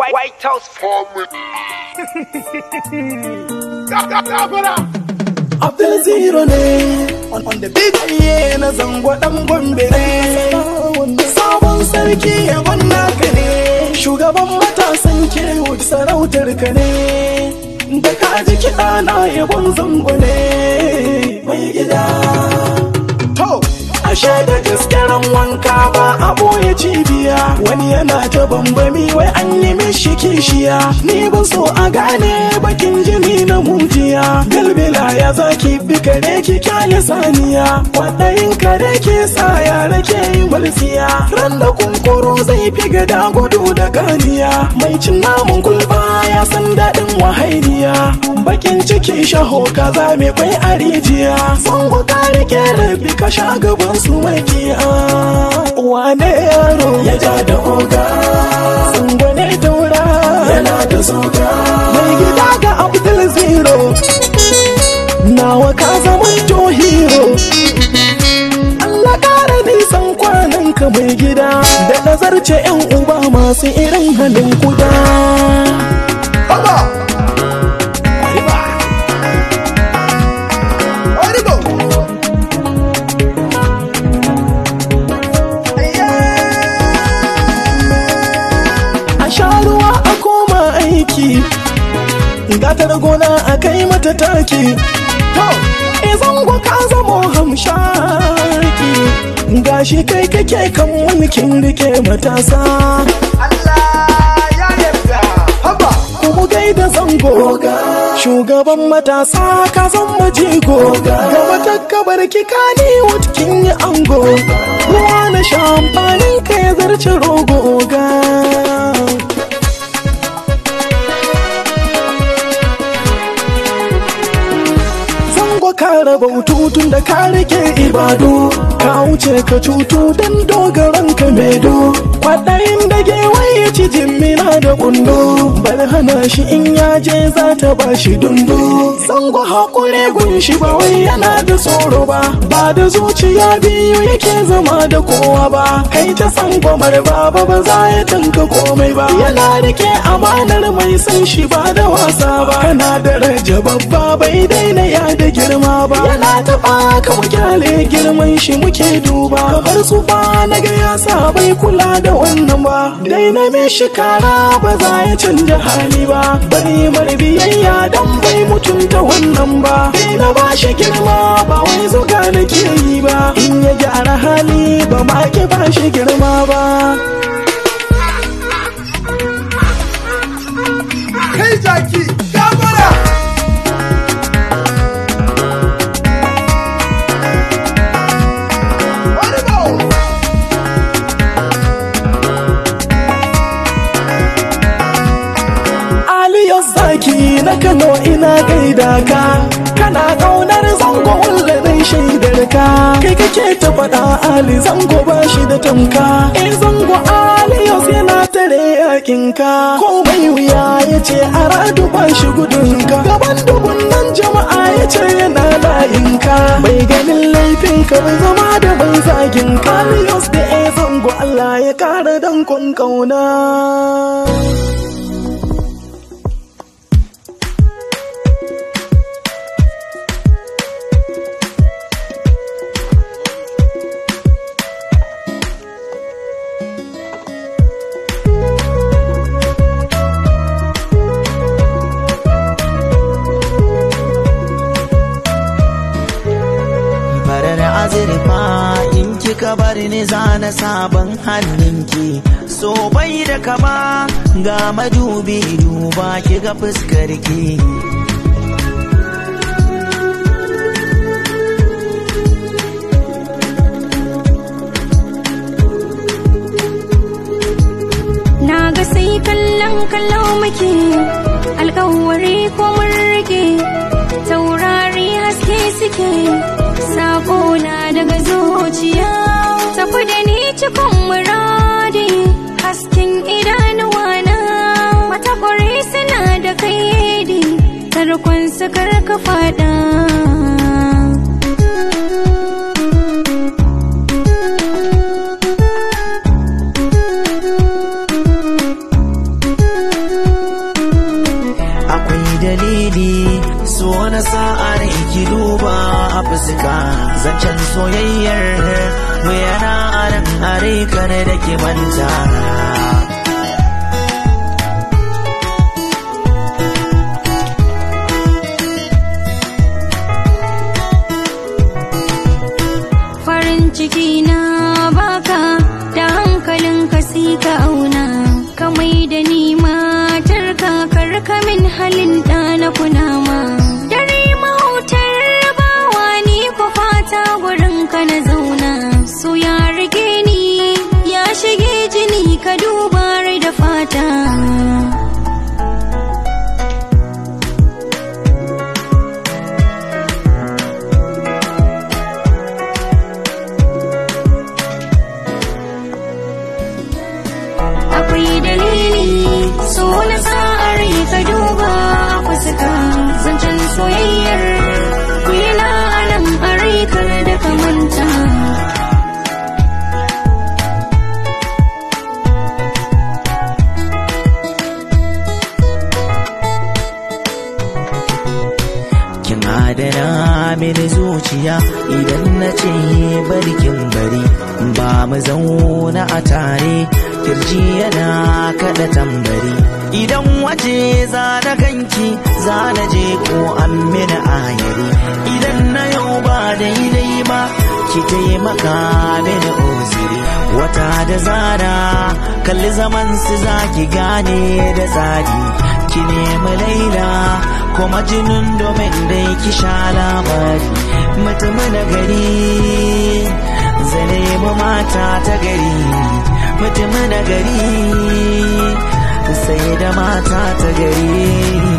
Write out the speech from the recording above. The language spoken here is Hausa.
White, White House family. Zero ne on the big iye na zango dan Gombe ne sabon sarki ya gwanna ka ne shugaban matasan Kirwood sarautar ka ne da ka ji kiɗa na yabon zango ne mai gida ashe da gaskaren wanka ba a ɓoye cibiya wani yana ta bambami wai an yi shi kishiya ni ban so a gane bakin jini yaya za ki bi kare ki kyale saniya kwaɗayin kare ke sa yara ke yi walsiya ran da kunkuru zai fi gada gudu da ganiya mai cin namun kulba ya san daɗin wahainiya bakin ciki shaho kaza mai kwai a rijiya sun ka rike rabi ka sha gaban su makiya wane yaro ya ja da oga sun gwane taura yana da soka ka zarce yan uba masu irin halin kuda koma aiki gatar gona a kai mata taki to izan ka zama hamshaki gashi kai kake kan mulkin rike matasa Ku bugaida zango shugaban matasa ka zan majigo gaba ta kabar ki kani wutkin ango ruwa na shamfanin ka ya zarce rogo ga ka bautu da ka rike ibadu ka wuce ka cutu dan dogaran ka medo kwaɗayin da gewaye ci jimmina da kundo bar hana shi in ya je za ta ba shi dundu sango hakure gun shi ba wai yana da tsoro ba ba da zuciya biyu yake zama da kowa ba kai ta san gwamar baba ba za ya tanka komai ba yana rike amanar mai san shi ba da wasa ba kana daraja babba bai daina girma ba yana taɓa ka wakyale girman shi muke duba kamar su ba na ga ya sa bai kula da wannan ba dai na mai shikara ba za ya canja hali ba bari biyayya dan bai mutunta wannan ba dai na ba shi girma ba wai zuga ke yi ba in ya gyara hali ba ma ke ba shi girma ba wa ina gaida ka kana kaunar zango hulɗa dai shaidar ka kai kake ta faɗa ali zango ba shi da tamka eh zango ali yau yana tare yakin ka ko mai wuya ya ce a radu ba shi gudun ka gaban dubun nan jama'a ya ce yana layin ka bai ganin laifin ka bai zama da bai zagin ka da e eh, zango Allah ya kara dankon kauna azurfa in kika bar ni zana sabon hannunki so bai da kama ga madubi duba ki ga fuskarki na ga sai kallon kallon muke alkawari ko mun taurari haske suke daga zuciya tafi da ni cikin muradi hasken idanuwa na matakwari suna da kaidi tarkon su karka fada ni ki duba a fuska zancen soyayyar mu yana anan are ka ne da ke manta farin ciki na baka da hankalin ka si ka auna ka mai da ni matar ka karka min halin ɗana kunama su kan zancen soyayyar wina a nan ɓarai da ka manta adana mini zuciya idan na ce barkin bari ba mu zauna a tare kirji yana kaɗa tambari idan waje za na ganki za na je ko an mini ayari idan na yau ba daidai ba ki taimaka mini oziri wata da zara kalli zaman su za ki gane da tsari ki nemi laila kuma jinin domin dai ki sha labari mutumin na gari zane mata ta gari mutumin na gari sai da mata ta gari